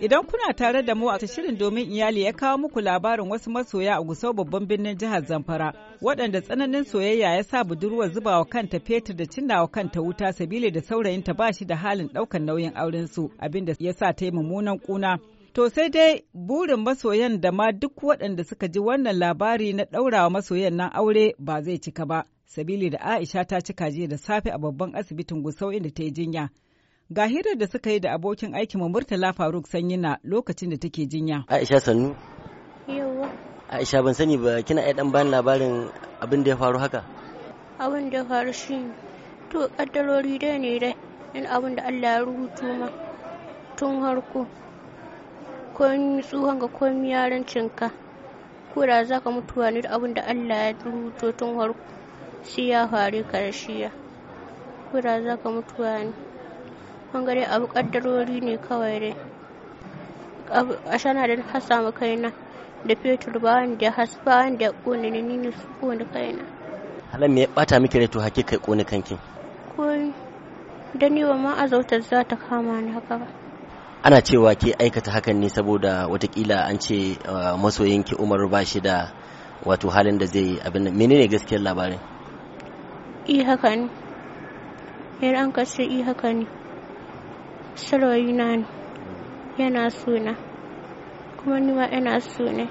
Idan kuna tare da mu a shirin domin iyali ya kawo muku labarin wasu masoya a gusau babban birnin jihar Zamfara, waɗanda tsananin soyayya ya sa budurwa zuba wa kanta fetur da wa kanta wuta sabili da saurayinta ba shi da halin ɗaukar nauyin aurensu abinda ya sa ta yi mummunan kuna To sai dai burin masoyan da ma duk waɗanda suka ji wannan labari na ɗaurawa masoyan nan aure ba zai cika ba, sabili da Aisha ta cika jiya da safe a babban asibitin Gusau inda ta yi jinya. Ga hirar da suka yi da abokin aikinmu Murtala Faruk Sanyina lokacin da take jinya. Aisha Sannu. Yawa. Aisha ban sani ba kina iya dan bani labarin abin da ya faru haka? Abin da ya faru shi to kaddarori dai ne dai in abin da Allah ya rubuto ma tun harko. Komi tsuhon ga komi ka, Ko da za ka mutuwa ne da abin da Allah ya rubuto tun harko sai ya faru karshiya. Ko da za ka mutuwa ne. wanga abu kaddarori ne kawai dai a shana da ta samu kaina da fetur ba wanda ya hasu, ba wanda kone ne ni ne su kone kaina halan me ya bata miki rai to hake kai kone kanki ko da ni ba ma zautar za ta kama ni haka ba ana cewa ke aikata hakan ne saboda watakila an ce uh, masoyinki umaru ba shi da wato halin da zai abin nan menene gaskiyar labarin i haka ne yar an kashe i haka ne saurayina ne yana suna kuma nima yana so ne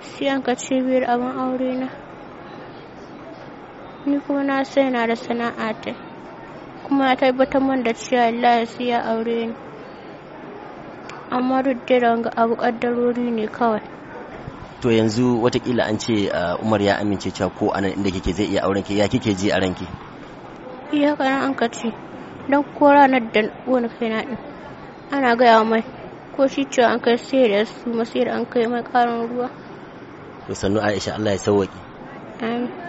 sai an ka ce biyar abin aure na ni kuma na sai na da sana'a ta kuma ya tabbatar man da cewa Allah sai ya aure ni amma duk da ranga abu kaddarori ne kawai to yanzu watakila an ce umar ya amince cewa ko anan inda kike zai iya auren ki ya kike ji a ranki iya kana an ka ce don ko ranar da wani na din ana gaya mai ko shi cewa an kai sai da su masu da an kai mai karin ruwa to sannu aisha allah ya sauwaƙi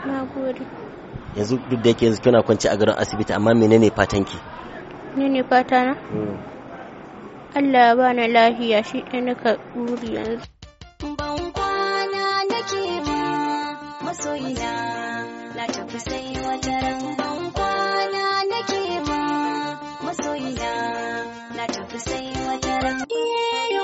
na gode yanzu duk da yake yanzu kina kwanci a garin asibiti amma menene ki menene fata na hmm. allah ya bani lafiya shi ɗan naka ɗuri yanzu ban kwana nake ba masoyina na tafi sai wata Yeah.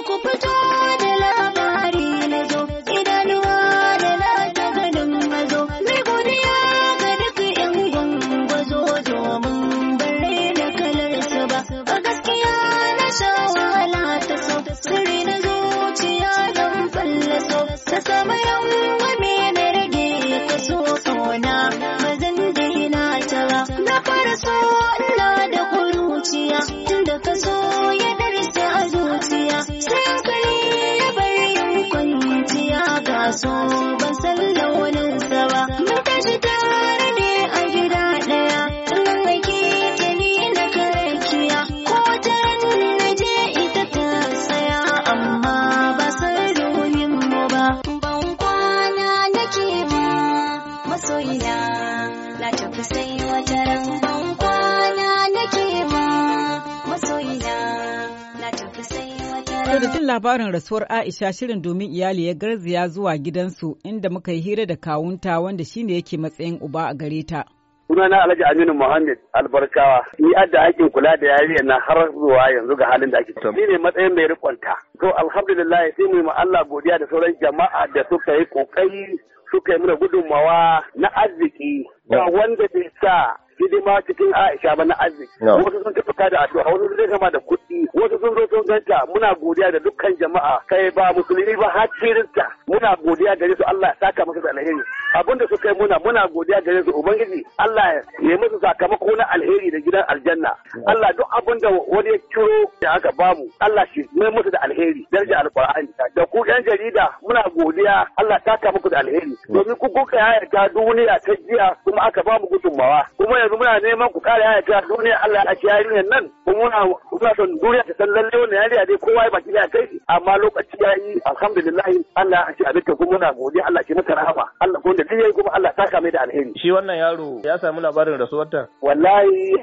Wato da jin labarin rasuwar Aisha shirin domin iyali ya garziya zuwa gidansu inda muka yi hira da kawunta wanda shi ne yake matsayin uba a gare ta. Sunana Alhaji Aminu Muhammad Albarkawa ni adda aikin kula da yariya na har zuwa yanzu ga halin da ake ciki. Ni ne matsayin mai rikonta. To alhamdulillah sai mu yi Allah godiya da sauran jama'a da suka yi kokari suka yi mana gudunmawa na arziki. Ba wanda bai sa hidima cikin Aisha ba na arziki. Wasu sun tafi da addu'a, wasu sun gama da kuɗi, wasu sun zo sun ganta muna godiya da dukkan jama'a kai ba musulmi ba har cirinta muna godiya gare su Allah ya saka masa da alheri. abin da suka yi muna muna godiya gare su ubangiji Allah ya musu sakamako na alheri da gidan aljanna Allah duk abin da wani ya kiro da aka bamu Allah shi mai musu da alheri daraja alqur'ani da ku yan jarida muna godiya Allah ta ka muku da alheri domin ku kuka yarda duniya ta jiya kuma aka bamu gudunmawa kuma yanzu muna neman ku kare yarda duniya Allah ya ci yarinyar nan kuma muna son duniya ta san lalle wannan yarinya dai kowa ya baki da kai amma lokaci ya yi alhamdulillah Allah ya ci abinka kuma muna godiya Allah ya muka rahama Allah ko da duk yayi kuma Allah ta kame da alheri shi wannan yaro ya samu labarin rasuwarta wallahi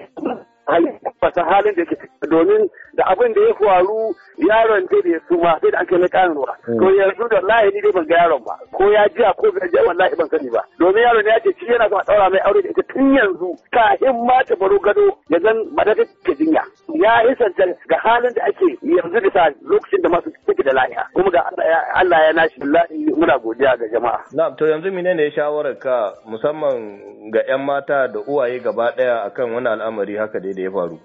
halin halin da yake domin da abin da ya faru yaron dai da ya suma sai da an na karin ruwa mm. to yanzu da lahi ni dai ban ga yaron ba ko ya ji ko ga ji wallahi ban sani ba domin yaron ya ce shi yana son a daura mai aure da ita tun yanzu kafin ma ta baro gado ya zan ta jinya ya isanta ga halin da ake yanzu da sa lokacin da masu suke da lahiya kuma ga Allah ya nashi billahi muna godiya ga jama'a na'am to yanzu mine ne shawarar ka musamman ga 'yan mata da uwaye gaba daya akan wani al'amari haka dai da ya faru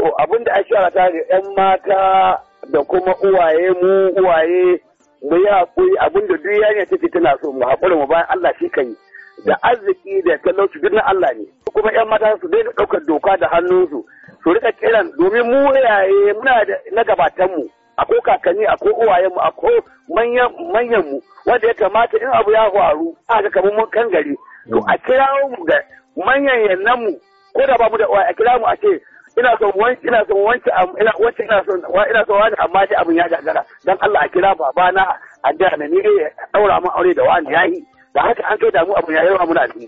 To abin da ake rata da 'yan mata da kuma uwaye mu uwaye mu yi haƙuri abin da duk yanya take tana so mu haƙuri mu bayan Allah shi kai da arziki da talauci duk na Allah ne kuma 'yan mata su daina ɗaukar doka da hannunsu su rika kiran domin mu yaye muna da na gabatanmu akwai kakanni uwaye mu a'ko manyan mu wanda ya kamata in abu ya faru a ga kamar mun kan gari to a kira mu ga manyan yannan mu ko da babu da uwaye a kira mu a ce ina son wani ina son wani ina wacce ina son ina son wani amma shi abin ya gagara dan Allah a kira babana a da na ni ne daura mu aure da wani yayi da haka an kai damu abin ya wa mu alheri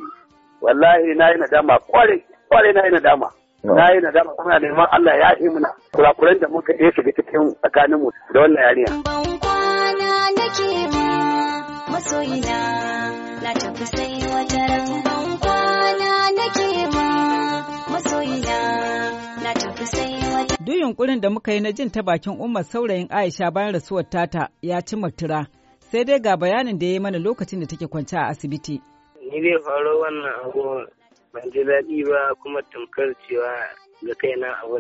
wallahi na yi nadama kware kware na yi nadama na yi nadama kuma neman Allah ya yi muna kurakuran da muka yi shiga cikin tsakanin mu da wannan yariya ban kwana nake ba masoyina na tafi sai wata ran yunkurin da muka yi na jin ta bakin Umar saurayin Aisha bayan rasuwar tata ya ci matura. Sai dai ga bayanin da ya yi mana lokacin da take kwance a asibiti. Ni bai faru wannan abu ban ji daɗi ba kuma tamkar cewa ga kaina abu